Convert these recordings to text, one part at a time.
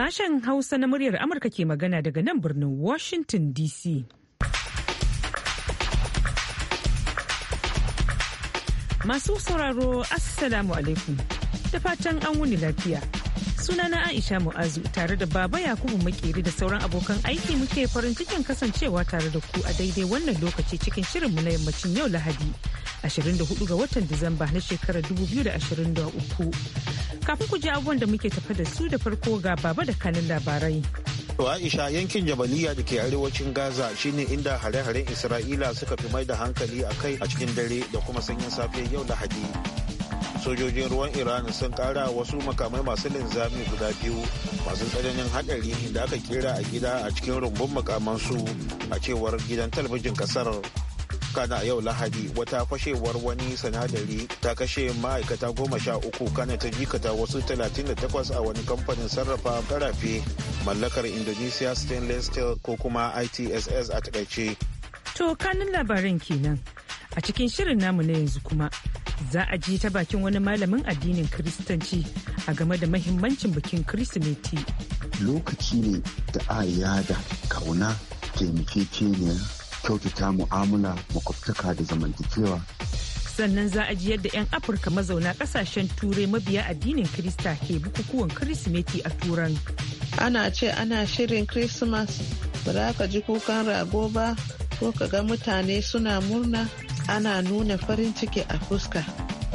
Sashen Hausa na muryar Amurka ke magana daga nan birnin Washington DC. Masu sauraro Assalamu alaikum da fatan an wuni lafiya. sunana Aisha Mu'azu tare da Baba Yakubu Makeri da sauran abokan aiki muke farin cikin kasancewa tare da ku a daidai wannan lokaci cikin shirinmu na yammacin yau Lahadi 24 ga watan Disamba na shekarar 2023. Kafin ku ji abubuwan da muke tafa da su da farko ga Baba da kanin labarai. To Aisha yankin Jabaliya da ke arewacin Gaza shine inda hare-haren Isra'ila suka fi mai da hankali a kai a cikin dare da kuma sanyin safiyar yau Lahadi. sojojin ruwan iran sun kara wasu makamai masu linzami guda biyu masu tsananin hadari da aka kera a gida a cikin rumbun makamansu a cewar gidan talabijin kasar kana yau lahadi wata fashewar wani sanadari ta kashe ma'aikata goma sha uku kana ta jikata wasu 38 a wani kamfanin sarrafa karafe mallakar indonesia stainless steel ko kuma itss a takaice to kanin labarin kenan a cikin shirin namu na yanzu kuma za a ji ta bakin wani malamin addinin kiristanci a game da mahimmancin bikin kirsimeti lokaci ne da a yada kauna taimakekeniya kyautata mu'amala makwabtaka da zamantakewa sannan za a ji yadda 'yan afirka mazauna kasashen turai mabiya addinin Kirista ke bukukuwan kirsimeti a turan ana ce ana shirin Kirismas, ba za ka ji kukan rago ba ko ka ga mutane suna murna ana nuna farin ciki a fuska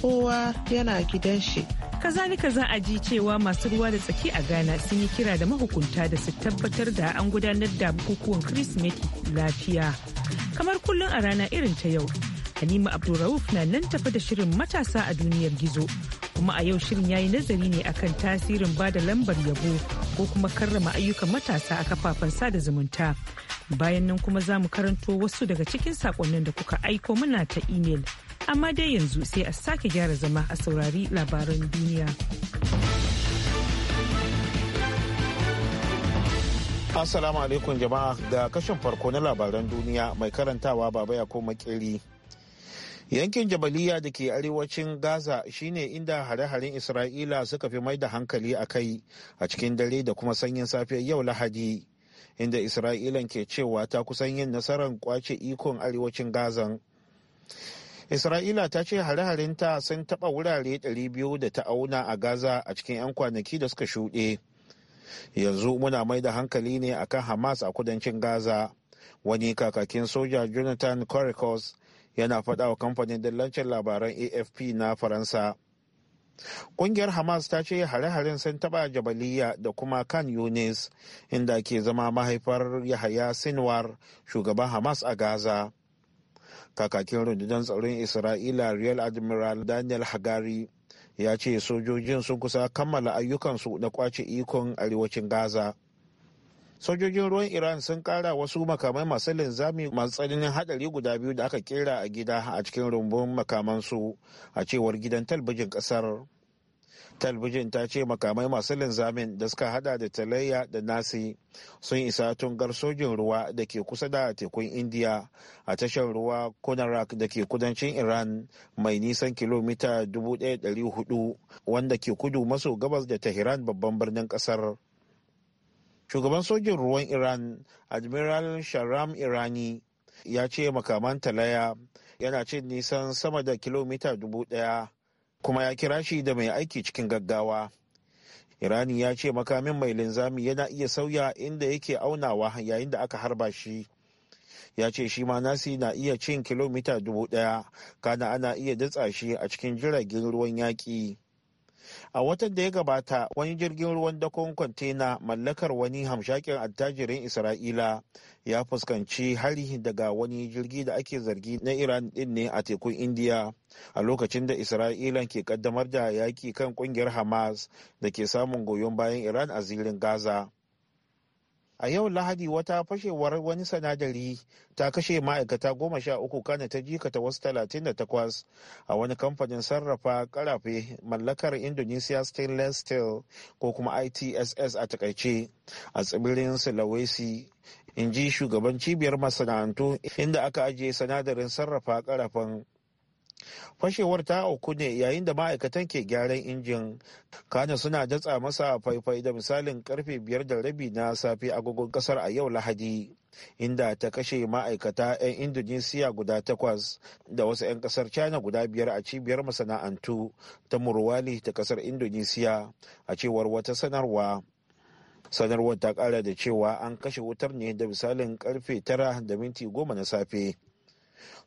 kowa yana gidan shi kazalika za a ji cewa masu ruwa da tsaki a ghana sun yi kira da mahukunta da su tabbatar da an gudanar da bukukuwan kirsimeti lafiya kamar kullum a rana irin ta yau halima abdulrauf na nan tafi da shirin matasa a duniyar gizo kuma a yau shirin ya yi nazari ne akan tasirin ba da lambar yabo ko kuma karrama ayyukan matasa a kafafen sada zumunta bayan nan kuma za mu karanto wasu daga cikin sakonnin da kuka aiko mana ta email amma dai yanzu sai a sake gyara zama a saurari labaran duniya assalamu alaikum jama'a ga kashin farko na labaran duniya mai karantawa baba ya koma makeri yankin jabaliya da ke arewacin gaza shine inda hare-haren isra'ila suka fi mai da hankali a kai a cikin dare da kuma sanyin safiyar yau lahadi inda isra'ilan ke cewa ta kusan yin nasarar kwace ikon arewacin gazan isra'ila ta ce hare ta sun taɓa wurare 200 da ta auna a gaza a cikin 'yan kwanaki da suka shuɗe yanzu muna mai da hankali ne akan hamas a kudancin gaza wani kakakin soja jonathan coricos yana faɗa wa kamfanin dillancin labaran afp na faransa Ƙungiyar Hamas ta ce hare-haren sun taba Jabaliya da kuma kan Yunis inda ke zama mahaifar Yahaya Sinwar shugaban Hamas a Gaza. Kakakin rundunar tsaron Isra'ila Real Admiral Daniel Hagari ya ce sojojin sun kusa kammala ayyukansu na kwace ikon arewacin Gaza. sojojin ruwan iran sun kara wasu makamai masu linzami masu tsananin hadari guda biyu da aka kera a gida a cikin rumbun makamansu a cewar gidan talbijin kasar talbijin ta ce makamai masu linzamin da suka hada da talayya da nasi sun isa tungar sojin ruwa da ke kusa da tekun indiya a tashar ruwa kunarak da ke kudancin iran mai nisan kilomita 1400 wanda ke kudu maso gabas da tehran babban birnin kasar shugaban sojin ruwan iran admiral sharam irani ya ce makaman talaya yana cin nisan sama da kilomita dubu daya kuma ya kira shi da mai aiki cikin gaggawa irani ya ce makamin mai linzami yana iya sauya inda yake aunawa yayin da aka harba shi ya ce shi ma nasi na iya cin kilomita dubu daya kana ana iya datsa shi a cikin jiragen ruwan yaƙi a watan da ya gabata wani jirgin ruwan dakon kwantena mallakar wani hamshakin attajirin isra'ila ya fuskanci hari daga wani jirgi da ake zargi na iran din ne a tekun indiya a lokacin da isra'ila ke kaddamar da yaki kan kungiyar hamas da ke samun goyon bayan iran a zirin gaza a yau lahadi wata fashewar wani sanadari ta kashe ma'aikata goma sha uku kana ta jikata wasu talatin da takwas a wani kamfanin sarrafa karafe mallakar indonesia stainless steel ko kuma itss a takaice a tsibirin sulawesi in ji shugaban cibiyar masana'antu inda aka ajiye sanadarin sarrafa karafan fashewar ta auku ne yayin da ma'aikatan ke gyaran injin kana suna datsa masa faifai da misalin karfe biyar da rabi na safe agogon kasar a yau lahadi inda ta kashe ma'aikata 'yan indonesiya guda takwas da wasu 'yan kasar china guda biyar a cibiyar masana'antu ta murwali ta kasar indonesiya a cewar wata sanarwa sanarwar ta kara da cewa an kashe wutar ne da misalin karfe tara da minti goma na safe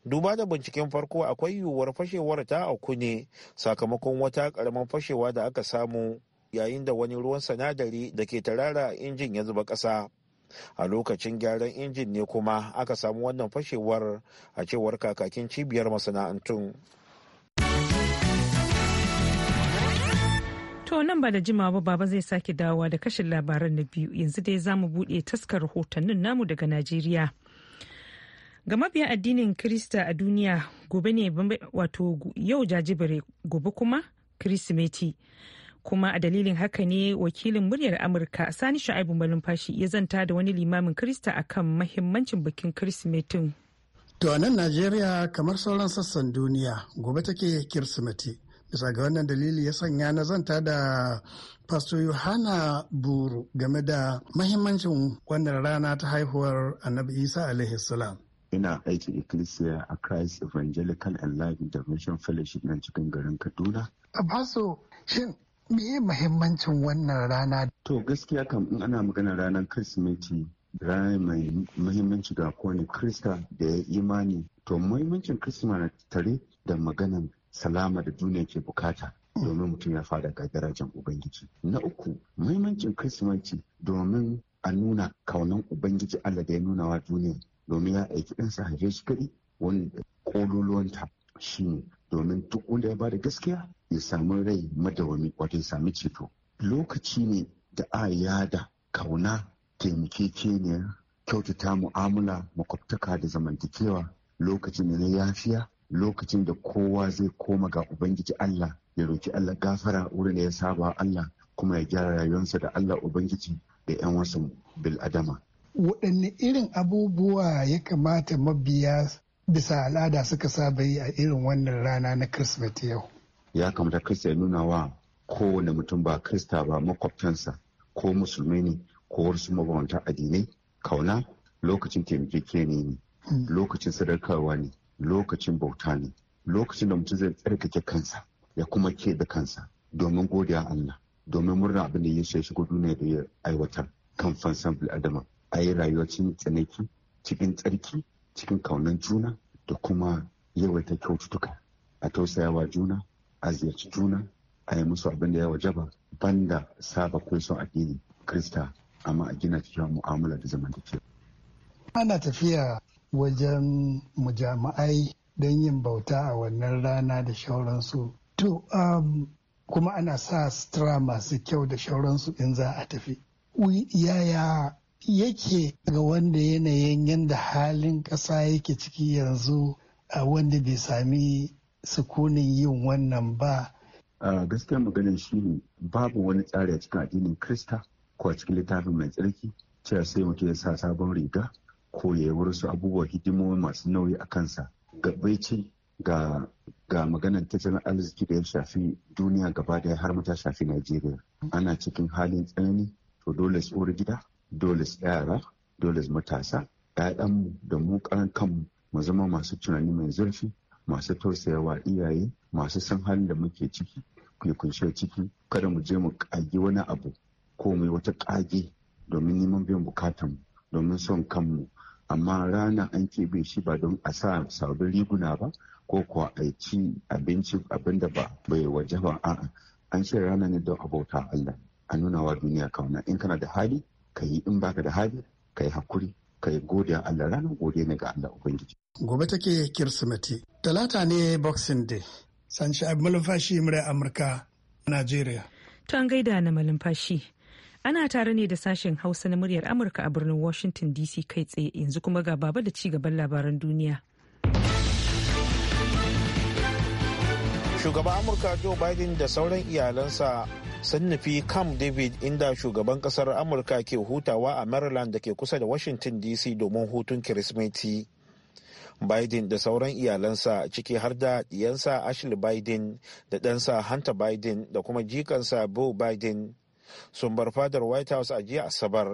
duba da binciken farko akwai yiwuwar fashewar ta auku ne sakamakon wata karamin fashewa da aka samu yayin da wani ruwan sanadari da ke tarara injin ya zuba ƙasa a lokacin gyaran injin ne kuma aka samu wannan fashewar a cewar kakakin cibiyar masana'antu. To nan ba da jimawa ba baba zai sake dawowa da kashin labaran na biyu yanzu dai za mu buɗe taskar rahotannin namu daga Najeriya. ga mabiya addinin Kirista a duniya gobe ne wato yau jajibire gobe kuma Kirsimeti. Kuma a dalilin haka ne wakilin muryar Amurka Sani Sha'ibu Malumfashi ya zanta da wani limamin Kirista akan mahimmancin bikin Kirsimetin. To a nan Najeriya kamar sauran sassan duniya gobe take Kirsimeti. Bisa ga wannan dalili ya sanya na zanta da pasto Yohana Buru game da mahimmancin wannan rana ta haihuwar Annabi Isa alaihi salam. ina aikin ecclesia a christ evangelical and life intervention fellowship na cikin garin kaduna abaso shin meye muhimmancin wannan rana to gaskiya kam in ana magana ranar kirsimeti rana mai muhimmanci ga kowane krista da ya imani to muhimmancin krisma na tare da maganan salama da duniya ke bukata domin mutum ya fada ga darajar ubangiji na uku muhimmancin kirsimeti domin a nuna kaunan ubangiji allah da ya nuna wa duniya domin ya aiki ɗansa haife shi kaɗi wani ƙololuwanta shi ne domin duk wanda ya ba da gaskiya ya sami rai madawami wato ya sami ceto lokaci ne da a yada kauna taimakekeniya kyautata mu'amala makwabtaka da zamantakewa lokacin da na yafiya lokacin da kowa zai koma ga ubangiji Allah ya roki Allah gafara wurin da ya saba Allah kuma ya gyara rayuwarsa da Allah ubangiji da 'yan wasu bil'adama waɗanne irin abubuwa ya kamata mabiya bisa al'ada suka saba yi a irin wannan rana na Kirsimeti yau? Ya kamata Kirista ya nuna wa kowane mutum ba Kirista ba makwabtansa ko musulmi ne ko wasu mabawanta addinai kauna lokacin kene ne hmm. lokacin sadarkarwa ne lokacin bauta ne lokacin da mutum zai tsarkake kansa ya kuma ke da kansa domin godiya Allah domin murna abin da ya shigo duniya da ya aiwatar kan fansan bil'adama a yi rayuwa cikin tsanaki cikin tsarki cikin kaunan juna da kuma yawaita kyaututtuka a tausayawa juna a ziyarci juna a yi musu abin da ya wajaba banda saba kunson addini krista amma a gina cikin mu'amala da zamantakewa. ana tafiya wajen mujama'ai don yin bauta a wannan rana da shauransu to um, kuma ana sa sutura masu kyau da shauransu in za a tafi yaya yake ga wanda yanayin yadda halin ƙasa yake ciki yanzu a wanda bai sami sukunin yin wannan ba. a gaskiya maganin shi ne babu wani tsari a cikin addinin krista ko a cikin littafin mai tsarki cewa sai mutum ya sa sabon riga ko ya yi wasu abubuwa hidimomi masu nauyi a kansa ga ce ga ga maganar tattalin arziki da ya shafi duniya gaba daya har mata shafi Najeriya. Ana cikin halin tsanani to dole tsoro gida dole su yara dole su matasa ‘ya'yanmu da mu karan kanmu mu zama masu tunani mai zurfi masu tausayawa iyaye masu san halin da muke ciki ne kunshe ciki kada mu je mu kage wani abu ko mu yi wata kage domin neman biyan bukatan domin son kanmu amma rana an keɓe shi ba don a sa sabbin riguna ba ko kuwa a ci abinci abin da ba bai waje ba a'a an ce rana ne don abota Allah a nuna wa duniya kauna in kana da hali ka yi in baka da hali ka yi hakuri ka yi godiya Allah ranar gode ne ga Allah Ubangiji. Gobe take Kirsimeti. Talata ne Boxing Day. San shi abin Malumfashi murai Amurka, Najeriya. To an gaida na Malumfashi. Ana tare ne da sashen Hausa na muryar Amurka a birnin Washington DC kai tsaye yanzu kuma ga baba da ci gaban labaran duniya. Shugaban Amurka Joe Biden da sauran iyalansa sun nufi camp david inda shugaban kasar amurka ke hutawa a maryland da ke kusa da washington dc domin hutun kirismeti biden da sauran iyalansa ciki har da diyansa ashley biden da ɗansa hunter biden da kuma jikansa bill biden sun bar fadar white house a jiya asabar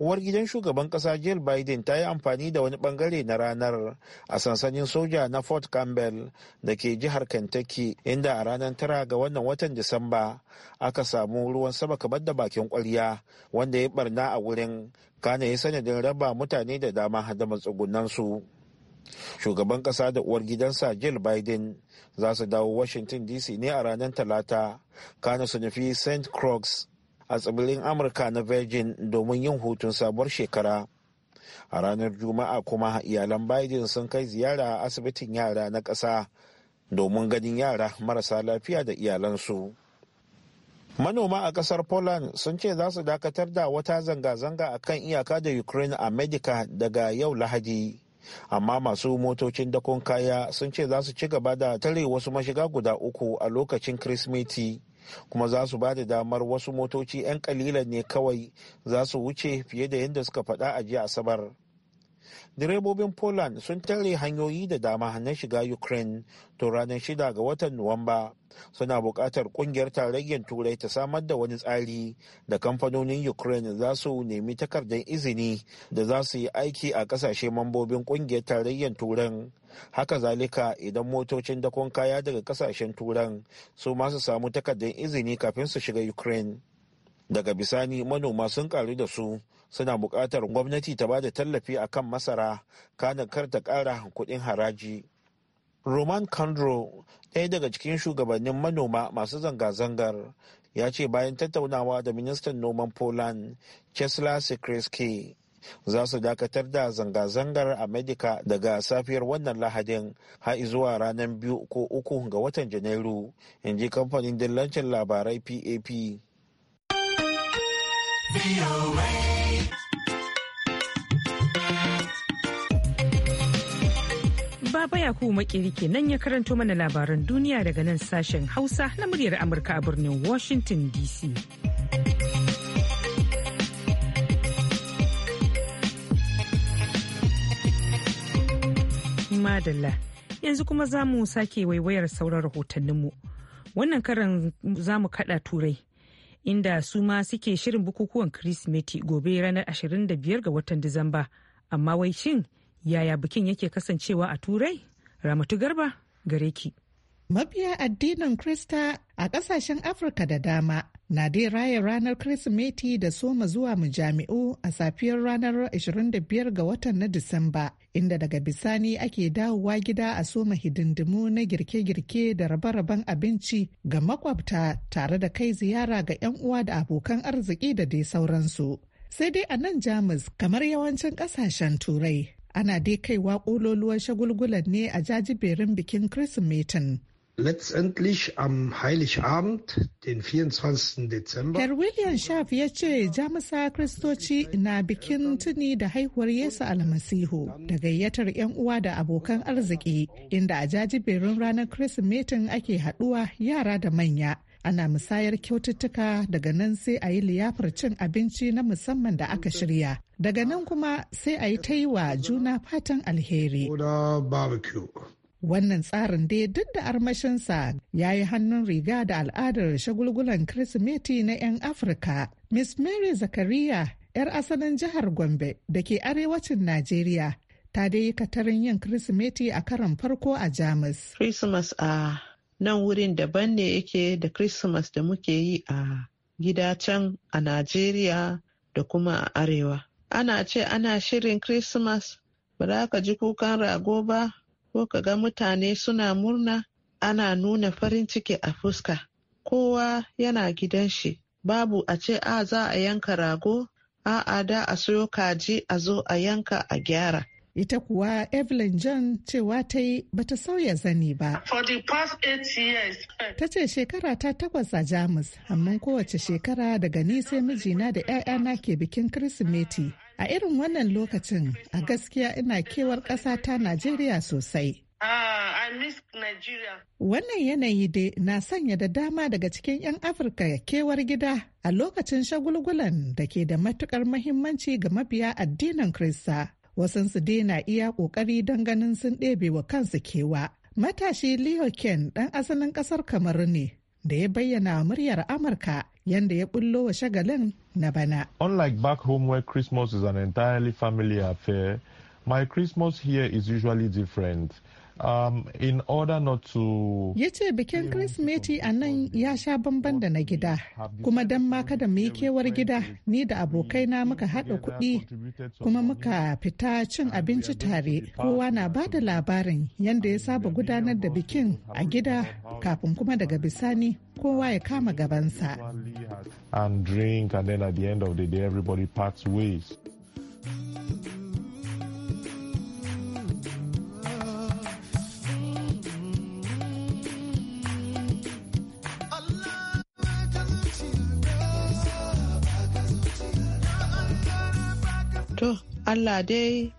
uwar gidan shugaban kasa jill biden ta yi amfani da wani bangare na ranar a sansanin soja na fort campbell da ke jihar kentucky inda a ranar tara ga wannan watan disamba aka samu ruwan sama kamar da bakin kwarya wanda ya barna a wurin kana ya sanadin raba mutane da dama da matsugunansu shugaban kasa da uwar gidansa jill biden za su dawo washington dc ne a ranar talata kana su nufi st croix a tsibirin amurka na virgin domin yin hutun sabuwar shekara a ranar juma'a kuma iyalan biden sun kai ziyara a asibitin yara na ƙasa domin ganin yara marasa lafiya da iyalansu manoma a ƙasar poland sun ce za su dakatar da wata zanga-zanga a kan iyaka da ukraine a medica daga yau lahadi amma masu motocin dakon kaya sun ce za su ci gaba da tare wasu mashiga guda uku a lokacin kirismeti kuma za su ba da damar wasu motoci 'yan kalilan ne kawai za su wuce fiye da yadda suka faɗa a jiya asabar direbobin poland sun tare hanyoyi da dama na shiga ukraine to ranar shida ga watan nuwamba suna buƙatar ƙungiyar tarayyar turai ta samar da wani tsari da kamfanonin ukraine za su nemi takardar izini da za su yi aiki a ƙasashe mambobin ƙungiyar tarayyar turan haka zalika idan motocin dakon kaya daga ƙasashen turan su masu samu takardar izini kafin su shiga ukraine daga bisani manoma sun karu da su suna buƙatar gwamnati ta ba da tallafi a kan masara kanin kar ta ƙara kuɗin haraji roman kandro ɗaya daga cikin shugabannin manoma masu zanga-zangar ya ce bayan tattaunawa da ministan noman poland chesla sikreski za su dakatar da zanga-zangar amerika daga safiyar wannan lahadin har zuwa ranar biyu ko uku ga watan janairu in ji kamfanin dillancin labarai pap Baba Yakubu Makiri kenan ya karanto mana labaran duniya daga nan sashen Hausa na muryar Amurka a birnin Washington DC. Madalla, yanzu kuma za mu sake waiwayar sauran rahotanninmu. Wannan karan za mu kada turai. inda su ma suke shirin bukukuwan Kirsimeti gobe ranar 25 ga watan Disamba. Amma wai shin yaya bikin yake kasancewa a Turai? Ramatu Garba gare ki. Mabiya addinin Krista a ƙasashen Afirka da dama na dai raya ranar Kirsimeti da soma zuwa mujami'u a safiyar ranar 25 ga watan na Disamba, inda daga bisani ake dawowa gida a soma hidindimu na girke-girke da rabe-raben abinci ga makwabta tare da kai ziyara ga 'yan uwa da abokan arziki da dai sauransu. Sai dai a nan Jamus kamar yawancin ƙasashen Turai. Ana dai kaiwa ƙololuwar shagulgulan ne a jajiberin bikin Kirsimetin. letztendlich am Heiligabend, den 24. Herr William Schaaf ya ce Jamusa Kristoci na bikin tuni da haihuwar Yesu almasihu da gayyatar 'yan uwa da abokan arziki inda a jajiberin ranar Kirsimetin ake haɗuwa yara da manya. ana musayar kyaututtuka daga nan sai a yi liyafar cin abinci na musamman da aka shirya daga nan kuma sai a yi ta yi wa juna fatan alheri Wannan tsarin dai duk da armashinsa ya yi hannun riga da al'adar shagulgulan Kirsimeti na 'yan Afirka. Miss Mary Zakariya, 'yar asalin jihar Gombe da ke arewacin Najeriya, ta dai yi katarin yin Kirsimeti a karon farko a Jamus. Christmas a nan wurin daban ne yake da Christmas da muke yi a gida can a Najeriya da kuma a Arewa. Ana ce ana shirin Christmas, ba za ka ji kukan rago ba, ko ka ga mutane suna murna ana nuna farin ciki a fuska kowa yana gidan shi babu a ce a za a yanka rago a'a da a soyo kaji a zo a yanka a gyara ita kuwa Evelyn John cewa ta yi bata sauya zani ba. Eh, ta ce shekara ta takwas a Jamus, amma kowace shekara daga ni sai mijina da 'ya'yana ke bikin Kirsimeti A irin wannan lokacin a gaskiya ina kewar ƙasa ta Najeriya sosai. Ah, wannan yanayi dai na sanya da dama daga cikin 'yan Afirka kewar gida a lokacin shagulgulan da ke da matukar mahimmanci ga mabiya addinin krista Wasansu dai na iya ƙoƙari don ganin sun ɗebe wa kansu kewa. Matashi Leo Ken ɗan asalin ƙasar Kamaru ne da ya bayyana muryar Amurka yanda ya bullo wa shagalin na bana. Unlike back home where Christmas is an entirely family affair, my Christmas here is usually different. Um, in order not to ya ce bikin Kirsimeti a nan ya sha bamban da na gida kuma don ma kada mu kewar gida ni da abokaina muka haɗa kuɗi kuma muka fita cin abinci tare kowa na ba da labarin yadda ya saba gudanar da bikin a gida kafin kuma daga bisani kowa ya kama gabansa and drink and then at the end of the day everybody parts ways To, Allah dai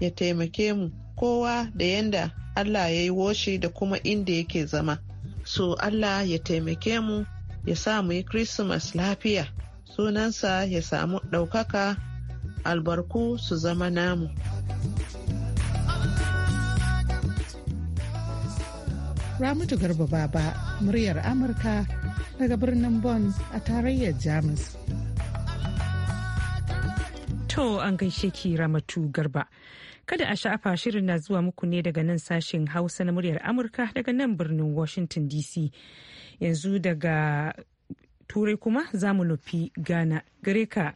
ya taimake mu kowa da yanda Allah ya yi woshi da kuma inda yake zama. So Allah ya taimake mu ya sa mu yi Christmas lafiya, sunansa ya samu ɗaukaka albarku su zama namu. ramutu Garba Baba, muryar Amurka daga birnin Bonn a tarayyar Jamus. To an gaishe ki Ramatu Garba. Kada a sha'afa shirin na zuwa muku ne daga nan sashen Hausa na muryar Amurka daga nan birnin Washington DC. Yanzu daga Turai kuma za mu nufi Ghana. Gare ka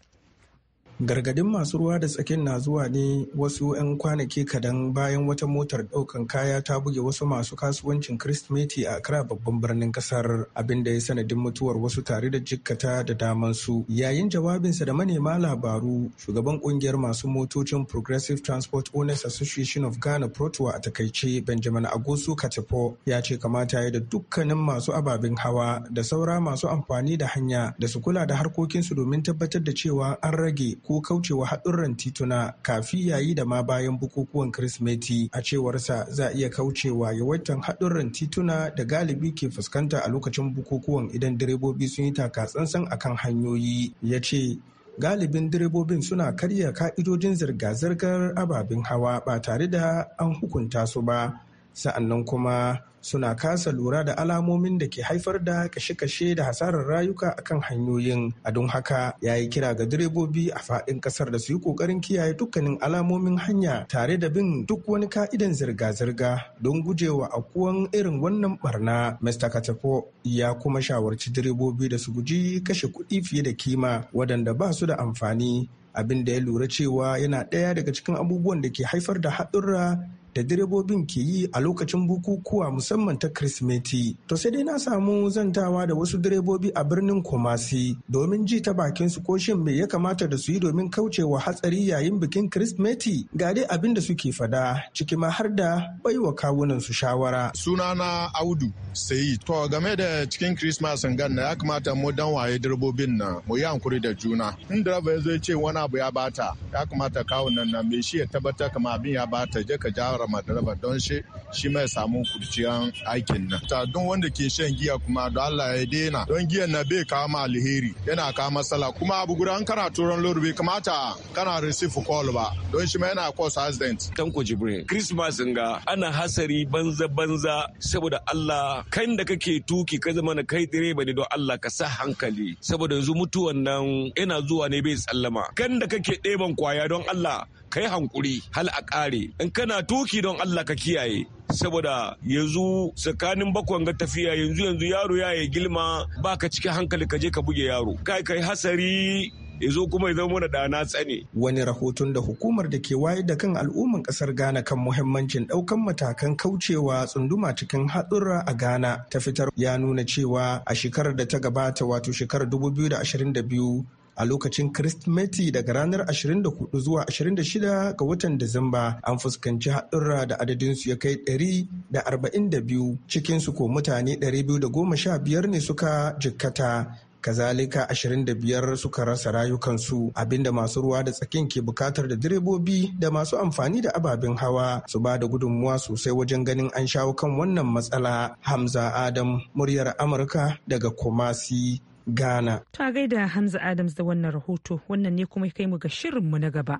gargadin masu ruwa da tsakin na zuwa ne wasu 'yan kwanaki kadan bayan wata motar daukan kaya ta buge wasu masu kasuwancin kirsimeti a kira babban birnin kasar abinda ya sanadin mutuwar wasu tare da jikkata da daman su yayin jawabinsa da manema labaru shugaban kungiyar masu motocin progressive transport owners association of ghana protowa a takaice benjamin agosu katipo ya ce kamata ya da dukkanin masu ababen hawa da saura masu amfani da hanya da su kula da harkokinsu domin tabbatar da cewa an rage ko kaucewa haɗurran tituna kafi yayi da ma bayan bukukuwan Kirsimeti a cewarsa za iya kaucewa yawaitan haɗurran tituna da galibi ke fuskanta a lokacin bukukuwan idan direbobi sun yi taka tsantsan akan hanyoyi ya ce galibin direbobin suna karya ka'idojin zirga-zirgar ababen hawa ba tare da an hukunta su ba sa'annan kuma suna kasa lura da alamomin da ke haifar da kashe-kashe da hasarar rayuka akan hanyoyin a don haka ya yi kira ga direbobi a faɗin ƙasar da su yi ƙoƙarin kiyaye dukkanin alamomin hanya tare da bin duk wani ka'idan zirga-zirga don gujewa akuwan irin wannan barna mr katafo ya kuma shawarci direbobi da su guji kashe kuɗi fiye da kima waɗanda ba su da amfani abin da ya lura cewa yana ɗaya daga cikin abubuwan da ke haifar da haɗurra da direbobin ke yi a lokacin bukukuwa musamman ta Kirsimeti. To sai dai na samu zantawa da wasu direbobi a birnin Kumasi domin ji ta bakin su ko shin me ya kamata da su yi domin kauce wa hatsari yayin bikin Kirsimeti ga dai abin da suke fada ciki ma har da baiwa kawunan su shawara. Sunana Audu sai to game da cikin Christmas gan ya kamata mu dan waye direbobin na mu yi hankuri da juna. In direba ya zo ya ce wani abu ya bata ya kamata kawunan nan me shi ya tabbata kama abin ya bata je ka jawo kara ma daraba don shi shi mai samu kurciyan aikin nan ta don wanda ke shan giya kuma don Allah ya daina don giyan na bai kama alheri yana kama matsala kuma abu guda an kana turan lori bai kamata kana receive call ba don shi mai yana cause accident tanko jibrin christmas ga ana hasari banza banza saboda Allah kan da kake tuki ka zama na kai direba ne don Allah ka sa hankali saboda yanzu mutuwan nan yana zuwa ne bai tsallama kan da kake ɗeban kwaya don Allah kai hankuri hal a ƙare in kana tuki don Allah ka kiyaye saboda yanzu tsakanin bakon ga tafiya yanzu yanzu yaro ya yi gilma baka cikin hankali ka je ka buge yaro kai kai hasari ya zo kuma ya zama da na tsane. Wani rahoton da hukumar da ke wayar da kan al'umman ƙasar Ghana kan muhimmancin ɗaukan matakan kaucewa tsunduma cikin hadura a Ghana ta fitar ya nuna cewa a shekarar da ta gabata wato shekarar 2022 a lokacin Kirsimeti daga ranar 24 zuwa 26 ga watan Disamba an fuskanci haɗurra da adadinsu ya kai 142 cikinsu ko mutane 215 ne suka jikkata kazalika 25 suka rasa rayukansu abinda masu ruwa da tsakin ke bukatar da direbobi da masu amfani da ababen hawa su ba da gudunmuwa sosai wajen ganin an shawo kan wannan matsala hamza adam muryar amurka daga kumasi Ghana. Ta gaida Hamza Adams da wannan rahoto wannan ne kuma kai mu ga shirinmu na gaba.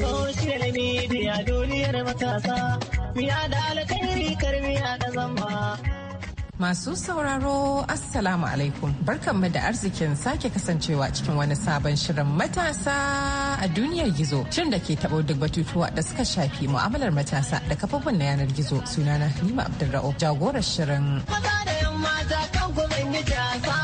Social media duniyar matasa, da Masu sauraro Assalamu alaikum barkanmu da arzikin sake kasancewa cikin wani sabon shirin matasa a duniyar gizo shirin da ke taɓo duk batutuwa da suka shafi mu'amalar matasa da kafofin na yanar gizo sunana Halima Abdulra'u jagorar shirin. Maza da yan mata kan kuma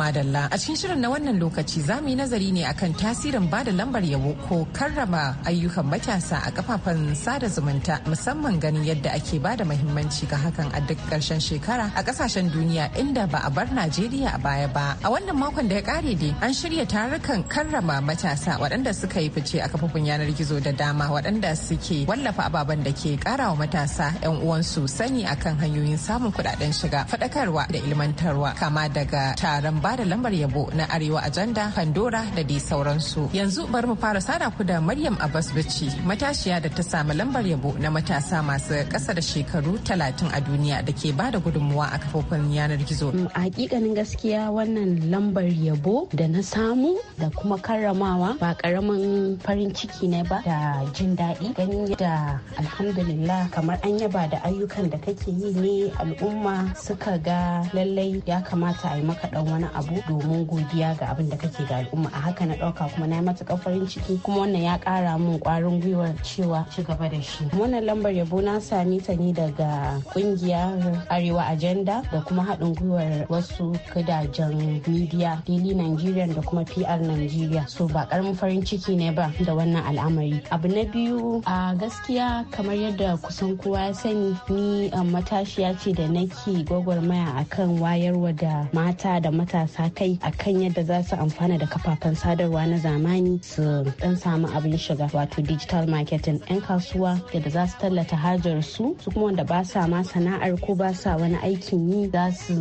Madalla a cikin shirin na wannan lokaci za mu yi nazari ne akan tasirin ba da lambar yabo ko karrama ayyukan matasa a kafafen sada zumunta musamman ganin yadda ake ba da mahimmanci ga hakan a duk ƙarshen shekara a ƙasashen duniya inda ba a bar Najeriya a baya ba. A wannan makon da ya kare dai an shirya tarukan karrama matasa waɗanda suka yi fice a kafofin yanar gizo da dama waɗanda suke wallafa ababen da ke ƙara wa matasa 'yan uwansu sani akan hanyoyin samun kuɗaɗen shiga faɗakarwa da ilmantarwa kama daga taron ba ba da lambar yabo na Arewa a Janda handora da dai sauransu. Yanzu bari mu fara sada ku da Maryam Abbas Bichi, matashiya da ta samu lambar yabo na matasa masu ƙasa da shekaru talatin a duniya da ke ba da gudunmuwa a kafofin yanar gizo. Mm, a hakikanin gaskiya wannan lambar yabo da na samu da kuma karramawa ba karamin farin ciki ne ba da jin daɗi ganin da alhamdulillah kamar an yaba da ayyukan da kake yi ne al'umma suka ga lallai ya kamata a yi maka ɗan wani abu domin godiya ga abin da kake ga al'umma a haka na ɗauka kuma na matuƙar farin ciki kuma wannan ya kara min kwarin gwiwar cewa ci gaba da shi wannan lambar yabo na sami ta ne daga ƙungiyar arewa agenda da kuma haɗin gwiwar wasu gidajen media daily nigerian da kuma pr nigeria so ba ƙaramin farin ciki ne ba da wannan al'amari abu na biyu a gaskiya kamar yadda kusan kowa ya sani ni eh, matashiya ce da nake gwagwarmaya akan wayarwa da mata da mata matasa kai kan yadda za su amfana da kafafen sadarwa na zamani su dan samu abin shiga wato digital marketing yan kasuwa yadda za su tallata hajar su su kuma wanda ba sa ma sana'ar ko ba sa wani aikin yi za su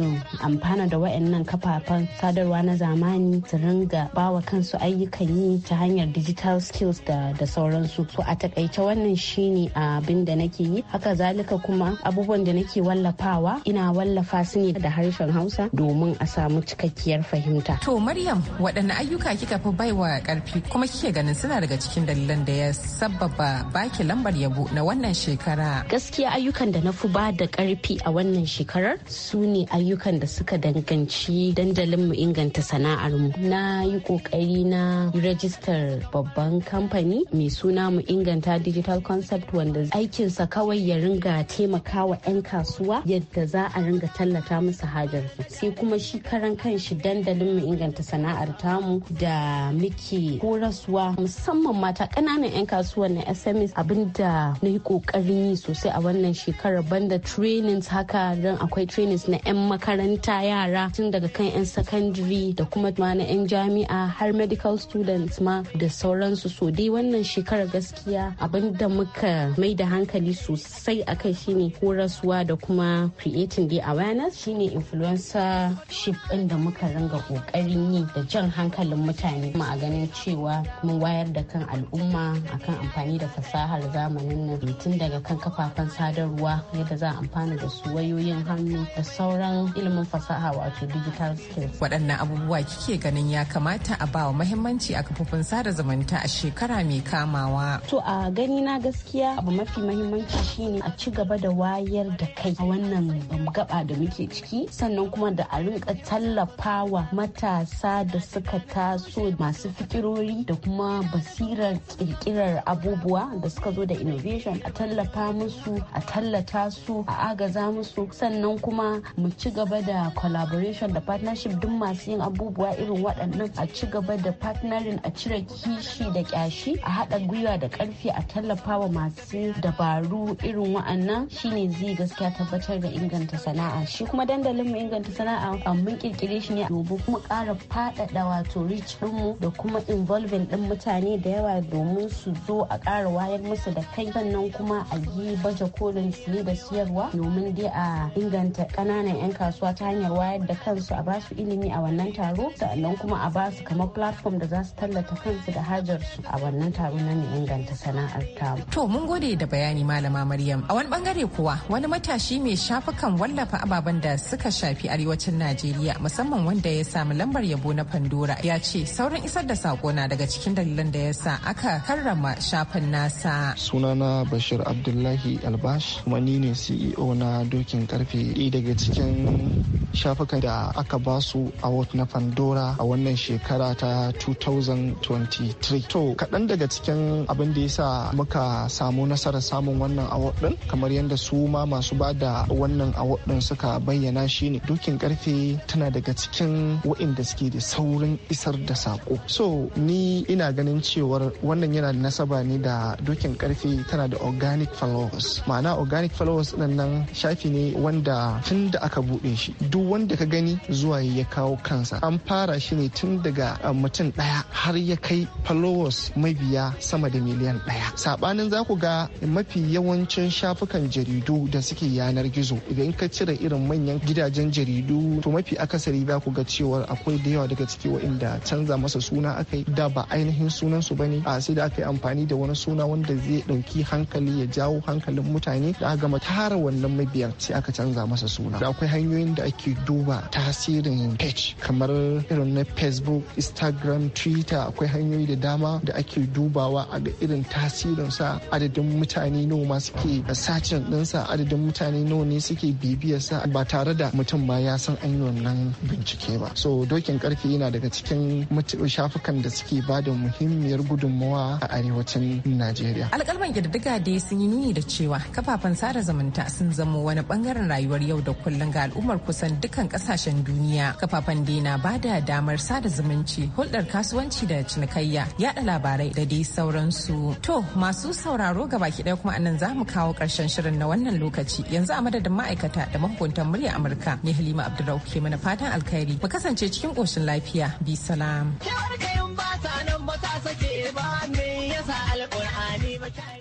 amfana da wayannan kafafen sadarwa na zamani su ringa bawa kansu ayyukan yi ta hanyar digital skills da da sauransu so a takaice wannan shine abin da nake yi haka zalika kuma abubuwan da nake wallafawa ina wallafa su ne da harshen hausa domin a samu cikakken cikakkiyar fahimta. To Maryam waɗanne ayyuka kika fi baiwa ƙarfi kuma kike ganin suna daga cikin dalilan da ya sababa baki lambar yabo na wannan shekara. Gaskiya ayyukan da na fi ba da ƙarfi a wannan shekarar su ne ayyukan da suka danganci dandalin mu inganta sana'ar mu. Na yi ƙoƙari na rajistar babban kamfani mai suna mu inganta digital concept wanda aikinsa kawai ya ringa taimakawa 'yan kasuwa yadda za a ringa tallata musu hajar sai kuma shi karan kan shi dandalin mu inganta sana'ar tamu da muke horaswa musamman mata ƙananan 'yan kasuwan na sms abinda na yi ƙoƙarin yi sosai a wannan shekarar banda trainings haka don akwai trainings na 'yan makaranta yara tun daga kan 'yan secondary da kuma na 'yan jami'a har medical students ma da sauransu so dai wannan shekarar gaskiya abinda muka mai da hankali sosai a kai shine horaswa da kuma creating the awareness shine influencer ship ɗin da muka ringa kokarin yi da jan hankalin mutane kuma a ganin cewa mun wayar da kan al'umma akan amfani da fasahar zamanin nan tun daga kan kafafen sadarwa yadda za a amfana da su wayoyin hannu da sauran ilimin fasaha wato digital skills waɗannan abubuwa kike ganin ya kamata a bawa mahimmanci a kafofin sada zumunta a shekara mai kamawa to a gani na gaskiya abu mafi mahimmanci shine a ci gaba da wayar da kai a wannan gaba da muke ciki sannan kuma da a rinka tallafa wa matasa da suka taso masu fikirori da kuma basirar kirkirar abubuwa da suka zo da innovation a tallafa musu a tallata su a agaza musu sannan kuma mu ci gaba da collaboration da partnership duk masu yin abubuwa irin waɗannan a ci gaba da partnering a cire kishi da kyashi a haɗa gwiwa da ƙarfi a tallafa wa masu dabaru irin wa'annan shine zai gaskiya tabbatar da inganta sana'a shi kuma dandalin mu inganta sana'a um, mun kirkire shi shi ne mu kuma kara faɗaɗa wato reach mu da kuma involving din mutane da yawa domin su zo a kara wayar musu da kai sannan kuma a yi baje kolin siye da siyarwa domin dai a inganta kananan 'yan kasuwa ta hanyar wayar da kansu a basu ilimi a wannan taro sannan kuma a basu kamar platform da za su tallata kansu da hajar su a wannan taro na inganta sana'ar ta. To mun gode da bayani malama Maryam. A wani bangare kuwa wani matashi mai shafukan wallafa ababen da suka shafi arewacin Najeriya musamman Muhammad wanda ya samu lambar yabo na Pandora ya ce sauran isar da sako na daga cikin dalilan da ya sa aka karrama shafin nasa. Sunana Bashir Abdullahi Albash kuma ni ne CEO na Dokin Karfe ɗi daga cikin shafukan da aka ba su award na Pandora a wannan shekara ta 2023. To kaɗan daga cikin abin da ya sa muka samu nasarar samun wannan award ɗin kamar yadda su ma masu ba da wannan award ɗin suka bayyana shi ne Dokin Karfe tana daga cikin waɗanda suke da saurin isar da sako so ni ina ganin cewar wannan yana da nasaba ne da dokin karfe tana da organic followers ma'ana organic followers ɗin nan shafi ne wanda tun da aka buɗe shi duk wanda ka gani zuwa ya kawo kansa an fara shi ne tun daga ah, mutum ɗaya har ya kai followers mabiya sama da miliyan ɗaya saɓanin za ku ga mafi yawancin shafukan jaridu da suke yanar gizo idan ka cire irin manyan gidajen jaridu to mafi akasari za ku ga cewa akwai da yawa daga ciki inda canza masa suna aka yi da ba ainihin sunan su bane a sai da aka yi amfani da wani suna wanda zai dauki hankali ya jawo hankalin mutane da aka gama tara wannan mabiyan sai aka canza masa suna da akwai hanyoyin da ake duba tasirin page kamar irin na facebook instagram twitter akwai hanyoyi da dama da ake dubawa a ga irin tasirin sa adadin mutane nawa ma suke sacin dinsa adadin mutane nawa ne suke sa. ba tare da mutum ma ya san an yi wannan bincike ba so dokin karfi yana daga cikin shafukan da suke ba da muhimmiyar gudunmawa a arewacin najeriya alkalman ƙididdiga dai sun yi nuni da cewa kafafen sada zumunta sun zamo wani bangaren rayuwar yau da kullum ga al'ummar kusan dukkan kasashen duniya kafafen dai na ba da damar sada zumunci hulɗar kasuwanci da cinikayya yaɗa labarai da dai sauransu to masu sauraro gaba ki ɗaya kuma anan za mu kawo ƙarshen shirin na wannan lokaci yanzu a madadin ma'aikata da mahukuntan murya amurka ne halima abdulrauf ke mana fatan alkhairi alkhairi mu kasance cikin ƙoshin lafiya bi salam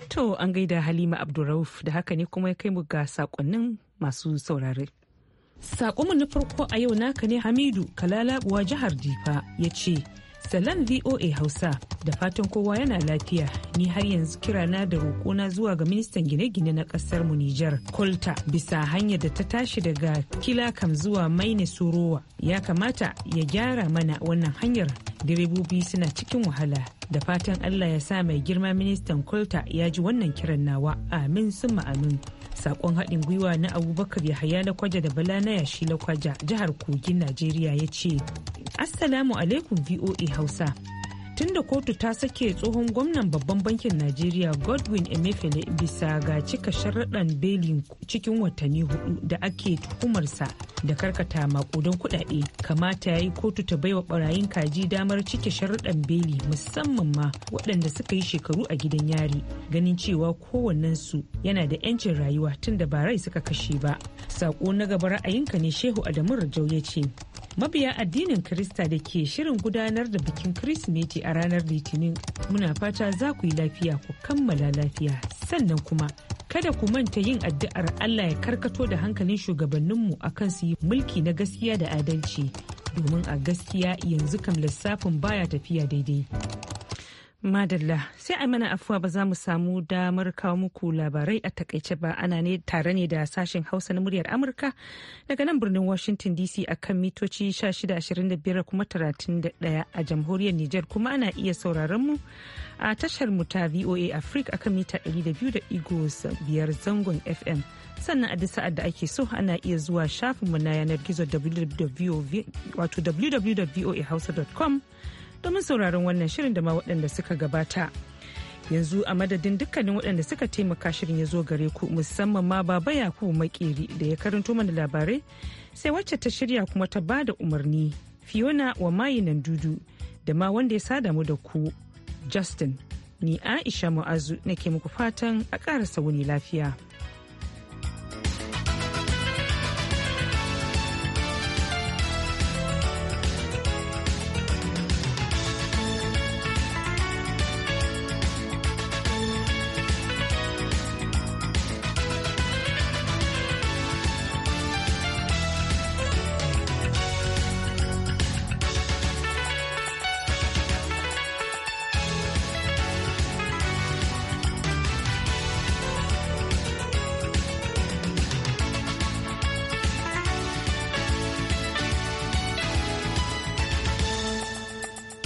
To an gaida Halima Abdurrauf da haka ne kuma ya kai mu ga sakonnin masu saurare. Sakonmu na farko a yau naka ne Hamidu Kalalabuwa jihar Difa ya ce Salam VOA Hausa da fatan kowa yana lafiya ni har yanzu kirana da roƙona zuwa ga ministan gine-gine na ƙasar mu Nijar Kolta bisa hanyar da ta tashi daga Kilakam zuwa Maine Surowa ya kamata ya gyara mana wannan hanyar direbobi suna cikin wahala da fatan allah ya sa mai girma ministan kulta ya ji wannan kiran nawa amin sun amin sakon haɗin gwiwa na abubakar yahaya na kwaja da bala na yashi na kwaja jihar kogin najeriya ya ce assalamu alaikum voa hausa tun da kotu ta sake tsohon gwamnan babban bankin najeriya godwin emefiele bisa ga cika sharaɗan belin cikin watanni hudu da ake tuhumarsa da karkata makudan kuɗaɗe kamata ya yi kotu ta baiwa barayin kaji damar cike sharaɗan beli musamman ma waɗanda suka yi shekaru a gidan yari ganin cewa kowannensu yana da 'yancin rayuwa tunda ba rai suka kashe ba sako na gaba ra'ayinka ne shehu adamu rajau ya ce mabiya addinin Krista da ke shirin gudanar da bikin Kirsimeti a ranar Litinin muna fata za ku yi lafiya ku kammala lafiya sannan kuma kada ku manta yin addu'ar Allah ya karkato da hankalin shugabanninmu a kan su yi mulki na gaskiya da adalci domin a gaskiya yanzu kam lissafin baya tafiya daidai Madalla sai a mana afuwa ba za mu samu damar kawo muku labarai a takaice ba ana ne tare ne da sashen hausa na muryar Amurka daga nan birnin Washington DC a kan mitoci 1625 kuma 31 a jamhuriyar Nijar kuma ana iya sauraron mu a tashar mu ta VOA Africa kan mita 200.5 zangon FM sannan a duk sa'ad da ake so ana iya zuwa shafinmu na yanar gizo www.voahausa.com domin sauraron wannan shirin da ma waɗanda suka gabata. Yanzu a madadin dukkanin waɗanda suka taimaka shirin ya zo gare ku musamman ma baba Yakubu Makeri da ya karanto mana labarai sai wacce ta shirya kuma ta ba da umarni Fiona wa mayinan dudu da ma wanda ya sada mu da ku Justin. Ni Aisha Mu'azu nake muku fatan a ƙara wuni lafiya.